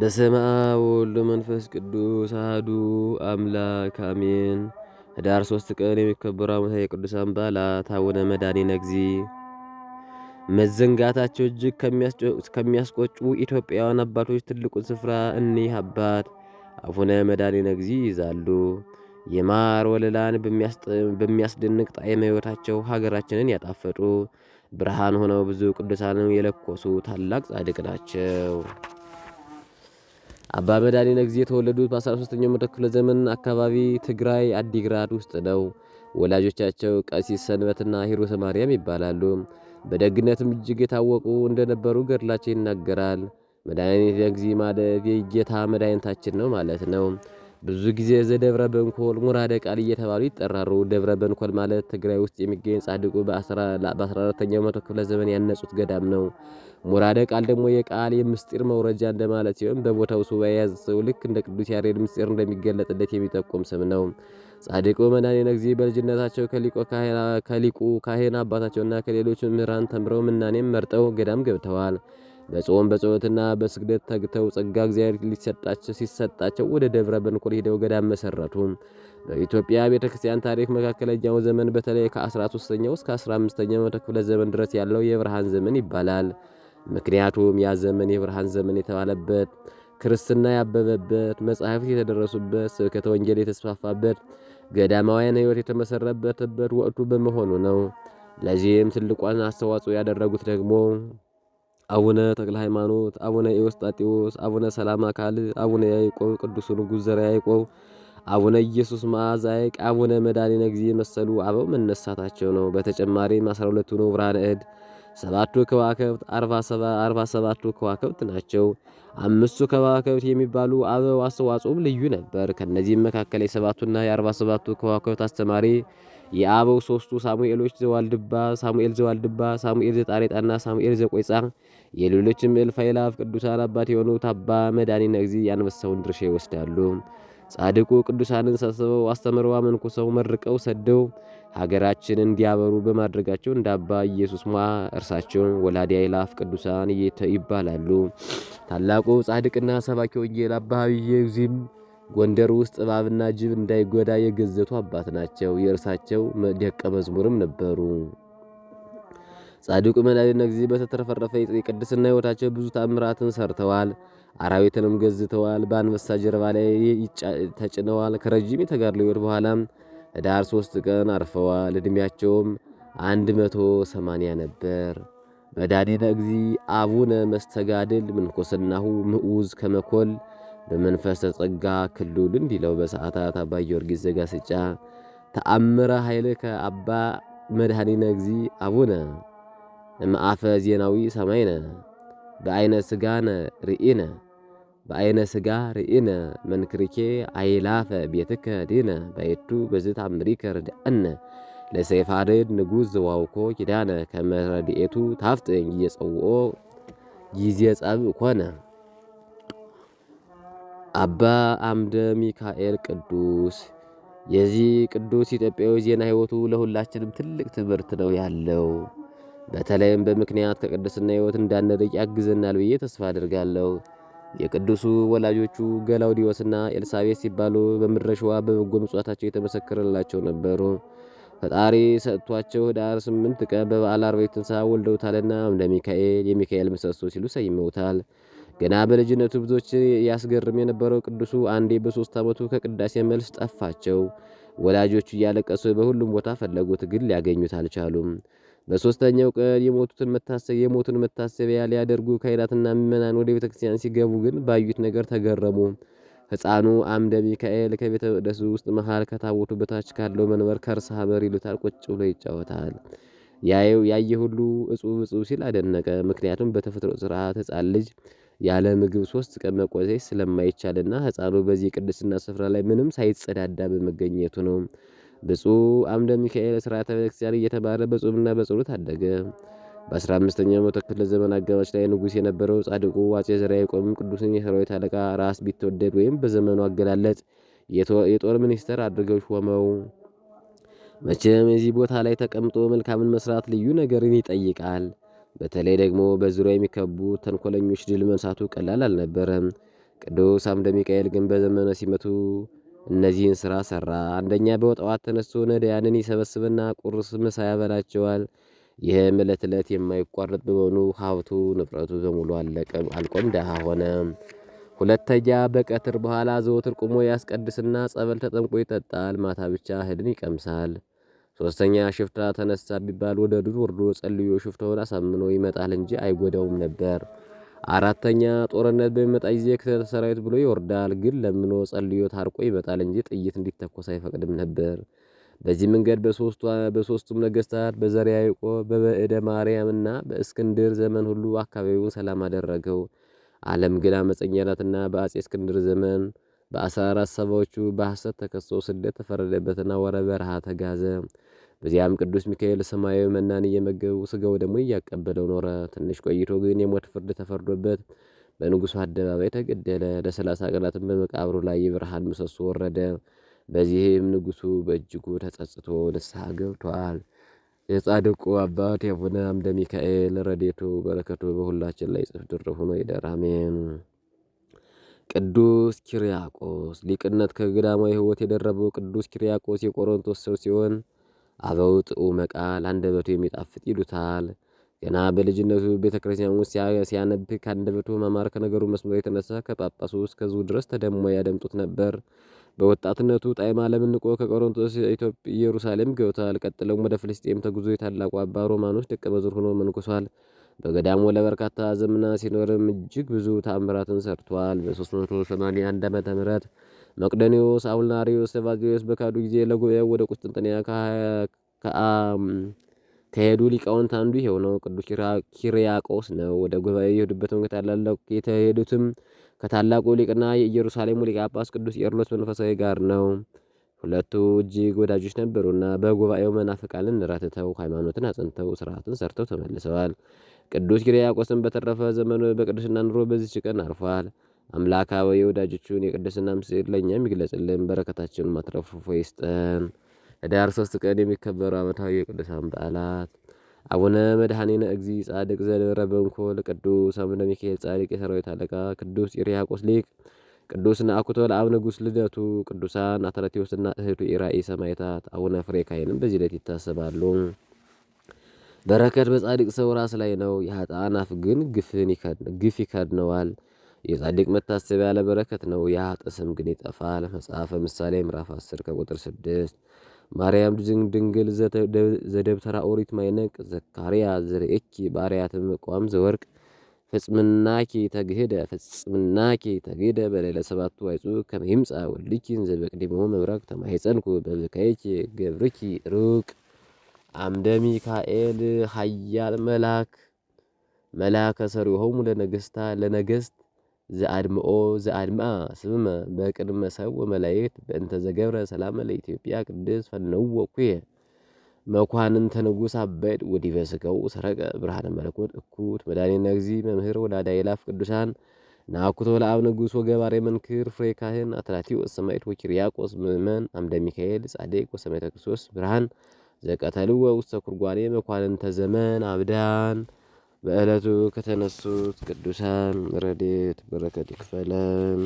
በስመ አብ ወወልድ መንፈስ ቅዱስ አሐዱ አምላክ አሜን። ህዳር ሶስት ቀን የሚከበሩ ዓመታዊ የቅዱሳን በዓላት አቡነ መድኃኔ እግዚእ። መዘንጋታቸው እጅግ ከሚያስቆጩ ኢትዮጵያውያን አባቶች ትልቁን ስፍራ እኒህ አባት አቡነ መድኃኔ እግዚእ ይይዛሉ። የማር ወለላን በሚያስደንቅ ጣዕመ ሕይወታቸው ሀገራችንን ያጣፈጡ ብርሃን ሆነው ብዙ ቅዱሳንን የለኮሱ ታላቅ ጻድቅ ናቸው። አባ መድኃኒነ እግዚእ የተወለዱት በ13ኛው መቶ ክፍለ ዘመን አካባቢ ትግራይ አዲግራት ውስጥ ነው። ወላጆቻቸው ቀሲስ ሰንበትና ሂሩተ ማርያም ይባላሉ። በደግነትም እጅግ የታወቁ እንደነበሩ ገድላቸው ይናገራል። መድኃኒነ እግዚእ ማለት የጌታ መድኃኒታችን ነው ማለት ነው። ብዙ ጊዜ ዘደብረ በንኮል ሙራደ ቃል እየተባሉ ይጠራሩ። ደብረ በንኮል ማለት ትግራይ ውስጥ የሚገኝ ጻድቁ በ14ተኛው መቶ ክፍለ ዘመን ያነጹት ገዳም ነው። ሙራደ ቃል ደግሞ የቃል የምስጢር መውረጃ እንደማለት ሲሆን በቦታው ሱባ የያዘ ሰው ልክ እንደ ቅዱስ ያሬድ ምስጢር እንደሚገለጥለት የሚጠቁም ስም ነው። ጻድቁ መድኃኔ ነግዚ በልጅነታቸው ከሊቁ ካህን አባታቸውና ከሌሎች ምህራን ተምረው ምናኔም መርጠው ገዳም ገብተዋል። በጾም በጸሎትና በስግደት ተግተው ጸጋ እግዚአብሔር ሊሰጣቸው ሲሰጣቸው ወደ ደብረ በንኮል ሄደው ገዳም መሰረቱ። በኢትዮጵያ ቤተ ክርስቲያን ታሪክ መካከለኛው ዘመን በተለይ ከ13ኛው እስከ 15ኛው መቶ ክፍለ ዘመን ድረስ ያለው የብርሃን ዘመን ይባላል። ምክንያቱም ያ ዘመን የብርሃን ዘመን የተባለበት ክርስትና ያበበበት፣ መጻሕፍት የተደረሱበት፣ ስብከተ ወንጌል የተስፋፋበት፣ ገዳማውያን ሕይወት የተመሰረበትበት ወቅቱ በመሆኑ ነው። ለዚህም ትልቋን አስተዋጽኦ ያደረጉት ደግሞ አቡነ ተክለ ሃይማኖት፣ አቡነ ኤዎስጣቴዎስ፣ አቡነ ሰላማ ካል፣ አቡነ ያይቆብ ቅዱስ ንጉሥ ዘርዓ ያይቆብ፣ አቡነ ኢየሱስ መዓዛይቅ፣ አቡነ መድኃኒነ እግዚእ መሰሉ አበው መነሳታቸው ነው። በተጨማሪም 12 ነው ብርሃነ እድ፣ ሰባቱ ከዋክብት 47ቱ ከዋክብት ናቸው። አምስቱ ከዋክብት የሚባሉ አበው አስተዋጽኦም ልዩ ነበር። ከነዚህም መካከል የሰባቱና የ 47 ከዋክብት አስተማሪ የአበው ሶስቱ ሳሙኤሎች ዘዋልድባ፣ ሳሙኤል ዘዋልድባ፣ ሳሙኤል ዘጣሬጣና ሳሙኤል ዘቆይጻ የሌሎችም እልፍ አእላፍ ቅዱሳን አባት የሆኑት አባ መድኃኒነ እግዚእ ያንበሳውን ድርሻ ይወስዳሉ። ጻድቁ ቅዱሳንን ሰብስበው አስተምረው አመንኩሰው መርቀው ሰደው ሀገራችን እንዲያበሩ በማድረጋቸው እንደ አባ ኢየሱስ ሟ እርሳቸውን ወላዲ አእላፍ ቅዱሳን ይባላሉ። ታላቁ ጻድቅና ሰባኪ ወንጌል አባ ብዬ እግዚእም ጎንደር ውስጥ እባብና ጅብ እንዳይጎዳ የገዘቱ አባት ናቸው። የእርሳቸው ደቀ መዝሙርም ነበሩ። ጻድቁ መናድን ጊዜ በተትረፈረፈ የቅድስና ሕይወታቸው ብዙ ታምራትን ሰርተዋል። አራዊትንም ገዝተዋል። በአንበሳ ጀርባ ላይ ተጭነዋል። ከረጅም የተጋድሎ ሕይወት በኋላም ኅዳር ሶስት ቀን አርፈዋል። ዕድሜያቸውም አንድ መቶ ነበር። መድኃኒነ እግዚእ አቡነ መስተጋድል ምንኩስናሁ ምዑዝ ከመኮል በመንፈስ ተጸጋ ክልል እንዲለው በሰዓታት አባ ጊዮርጊስ ዘጋስጫ ተአምረ ኃይልከ አባ መድኃኒነ እግዚ አቡነ እምአፈ ዜናዊ ሰማይነ በአይነ ስጋነ ርኢነ በአይነ ስጋ ርኢነ መንክርኬ አይላፈ ቤትከ ዲነ ባየቱ በዝት አምሪከ ርድአነ ለሰይፋሬድ ንጉሥ ዘዋውኮ ኪዳነ ከመረድኤቱ ታፍጥኝ እየጸውኦ ጊዜ ጸብእ ኮነ አባ አምደ ሚካኤል ቅዱስ። የዚህ ቅዱስ ኢትዮጵያዊ ዜና ሕይወቱ ለሁላችንም ትልቅ ትምህርት ነው ያለው። በተለይም በምክንያት ከቅድስና ሕይወት እንዳንርቅ ያግዘናል ብዬ ተስፋ አድርጋለሁ። የቅዱሱ ወላጆቹ ገላውዲዮስና ኤልሳቤት ሲባሉ በምድረሸዋ በበጎ ምጽዋታቸው የተመሰከረላቸው ነበሩ። ፈጣሪ ሰጥቷቸው ህዳር ስምንት ቀን በበዓል አርቤት ትንሣኤ ወልደውታልና አምደ ሚካኤል የሚካኤል ምሰሶ ሲሉ ሰይመውታል። ገና በልጅነቱ ብዙዎች ያስገርም የነበረው ቅዱሱ አንዴ በሶስት ዓመቱ ከቅዳሴ መልስ ጠፋቸው። ወላጆቹ እያለቀሱ በሁሉም ቦታ ፈለጉት፣ ግን ሊያገኙት አልቻሉም። በሦስተኛው ቀን የሞቱትን መታሰብ የሞቱን መታሰቢያ ሊያደርጉ ካህናትና ምእመናን ወደ ቤተ ክርስቲያን ሲገቡ ግን ባዩት ነገር ተገረሙ። ሕፃኑ አምደ ሚካኤል ከቤተ መቅደሱ ውስጥ መሃል ከታቦቱ በታች ካለው መንበር ከርሰ ሐመር ይሉታል ቁጭ ብሎ ይጫወታል። ያየ ሁሉ እጹብ እጹብ ሲል አደነቀ። ምክንያቱም በተፈጥሮ ስርዓት ሕፃን ልጅ ያለ ምግብ ሶስት ቀን መቆየት ስለማይቻልና ህፃኑ በዚህ ቅድስና ስፍራ ላይ ምንም ሳይጸዳዳ በመገኘቱ ነው። ብፁዕ አምደ ሚካኤል ስርዓተ ቤተክርስቲያን እየተማረ በጾምና በጸሎት አደገ። በ15ኛው መቶ ክፍለ ዘመን አጋማሽ ላይ ንጉሥ የነበረው ጻድቁ አፄ ዘርዓ ያዕቆብም ቅዱስን የሰራዊት አለቃ ራስ ቢትወደድ ወይም በዘመኑ አገላለጽ የጦር ሚኒስትር አድርገው ሾመው። መቼም የዚህ ቦታ ላይ ተቀምጦ መልካምን መስራት ልዩ ነገርን ይጠይቃል። በተለይ ደግሞ በዙሪያ የሚከቡ ተንኮለኞች ድል መንሳቱ ቀላል አልነበረም። ቅዱስ አምደ ሚካኤል ግን በዘመነ ሲመቱ እነዚህን ሥራ ሠራ። አንደኛ በወጠዋት ተነስቶ ነዳያንን ይሰበስብና ቁርስ፣ ምሳ ያበላቸዋል። ይህም ዕለት ዕለት የማይቋረጥ በመሆኑ ሀብቱ ንብረቱ በሙሉ አልቆም ደሃ ሆነ። ሁለተኛ በቀትር በኋላ ዘወትር ቆሞ ያስቀድስና ጸበል ተጠምቆ ይጠጣል። ማታ ብቻ እህልን ይቀምሳል። ሶስተኛ ሽፍታ ተነሳ ቢባል ወደ ዱር ወርዶ ጸልዮ ሽፍታውን አሳምኖ ይመጣል እንጂ አይጎዳውም ነበር። አራተኛ ጦርነት በሚመጣ ጊዜ ክተት ሰራዊት ብሎ ይወርዳል፣ ግን ለምኖ ጸልዮ ታርቆ ይመጣል እንጂ ጥይት እንዲተኮስ አይፈቅድም ነበር። በዚህ መንገድ በሶስቱም ነገስታት በዘርዓ ያዕቆብ በበእደ ማርያምና በእስክንድር ዘመን ሁሉ አካባቢውን ሰላም አደረገው። ዓለም ግን አመፀኛ ናትና በአጼ እስክንድር ዘመን በአስራ አራት ሰባዎቹ በሐሰት ተከሶ ስደት ተፈረደበትና ወረ በረሃ ተጋዘ። በዚያም ቅዱስ ሚካኤል ሰማያዊ መናን እየመገቡ ስጋው ደግሞ እያቀበለው ኖረ። ትንሽ ቆይቶ ግን የሞት ፍርድ ተፈርዶበት በንጉሱ አደባባይ ተገደለ። ለሰላሳ ቀናትም በመቃብሩ ላይ የብርሃን ምሰሶ ወረደ። በዚህም ንጉሱ በእጅጉ ተጸጽቶ ንስሐ ገብቷል። የጻድቁ አባት የቡነ አምደ ሚካኤል ረዴቱ በረከቱ በሁላችን ላይ ጽፍ ድር ሆኖ ይደር አሜን። ቅዱስ ኪርያቆስ ሊቅነት ከገዳማዊ ሕይወት የደረበው ቅዱስ ኪርያቆስ የቆሮንቶስ ሰው ሲሆን አበው መቃል አንድ አንደበቱ የሚጣፍጥ ይሉታል። ገና በልጅነቱ ቤተ ክርስቲያን ውስጥ ሲያነብ ከአንደበቱ መማር ከነገሩ መስመር የተነሳ ከጳጳሱ እስከ ሕዝቡ ድረስ ተደሞ ያደምጡት ነበር። በወጣትነቱ ጣይማ ለምንቆ ንቆ ከቆሮንቶስ ኢየሩሳሌም ገብቷል። ቀጥለውም ወደ ፍልስጤም ተጉዞ የታላቁ አባ ሮማኖስ ደቀ መዝሙር ሆኖ መንኩሷል። በገዳሙ ለበርካታ ዘመና ሲኖርም እጅግ ብዙ ታምራትን ሰርቷል። በ381 ዓመተ ምህረት መቅደኔዎስ አውልናሪዎስ ኤቫዝዮስ በካዱ ጊዜ ለጉባኤው ወደ ቁስጥንጥንያ ከሄዱ ሊቃውንት አንዱ የሆነው ቅዱስ ኪሪያቆስ ነው። ወደ ጉባኤው የሄዱበትም የተሄዱትም ከታላቁ ሊቅና የኢየሩሳሌሙ ሊቀ ጳጳስ ቅዱስ ኤርሎስ መንፈሳዊ ጋር ነው። ሁለቱ እጅግ ወዳጆች ነበሩና በጉባኤው መናፍቃንን ረትተው ሃይማኖትን አጽንተው ስርዓትን ሰርተው ተመልሰዋል። ቅዱስ ያቆስን በተረፈ ዘመኑ በቅድስና ኑሮ በዚች ቀን አርፏል። አምላካዊ የወዳጆቹን የቅድስና ምስጢር ለእኛ የሚገለጽልን፣ በረከታቸውን ማትረፉ ይስጠን። ህዳር ሶስት ቀን የሚከበሩ ዓመታዊ የቅዱሳን በዓላት አቡነ መድኃኒነ እግዚ ጻድቅ ዘደብረ በንኮል፣ ቅዱስ አቡነ ሚካኤል ጻድቅ የሰራዊት አለቃ፣ ቅዱስ ቂርያቆስ ሊቅ ቅዱስ ነአኩቶ ለአብ ንጉሥ ልደቱ፣ ቅዱሳን አትናቴዎስና እህቱ ኢራኢ ሰማይታት አቡነ ፍሬ ካህንም በዚህ ዕለት ይታሰባሉ። በረከት በጻድቅ ሰው ራስ ላይ ነው፣ የኃጥአን አፍ ግን ግፍ ይከድነዋል። የጻድቅ መታሰቢያ በረከት ነው፣ የኃጥእ ስም ግን ይጠፋል። መጽሐፈ ምሳሌ ምዕራፍ 10 ከቁጥር 6 ማርያም ድንግል ዘደብተራ ኦሪት ማይነቅ ዘካርያ ዝርእኪ በአርያትም እቋም ዘወርቅ ፍጽምናኪ ተግህደ ፍጽምናኪ ተግህደ በሌለ ሰባቱ አይጹ ከመይምፃ ወልድኪ ዘበቅድሞ መብራክ ተማይፀንኩ በብካይኪ ገብርኪ ሩቅ አምደ ሚካኤል ሀያል መላክ መላከ ሰሪሆሙ ለነገስታ ለነገስት ዘአድምኦ ዘአድምአ ስብመ በቅድመ ሰብ መላእክት በእንተ ዘገብረ ሰላመ ለኢትዮጵያ ቅድስ ፈነወኩየ መኳንንተ ንጉሥ አበይድ ወዲበስከው ሰረቀ ብርሃነ መለኮት እኩት መድኃኒነ እግዚ መምህር ወላዳ ይላፍ ቅዱሳን ናኩቶ ለአብ ንጉሥ ወገባሬ መንክር ፍሬ ካህን አትናቲዎስ ሰማዕት ወኪርያቆስ ምእመን አምደ ሚካኤል ጻድቅ ወሰማይተ ክርስቶስ ብርሃን ዘቀተሉ ወውስተ ኩርጓኔ መኳንንተ ዘመን አብዳን በእለቱ ከተነሱት ቅዱሳን ረዴት በረከት ይክፈለን።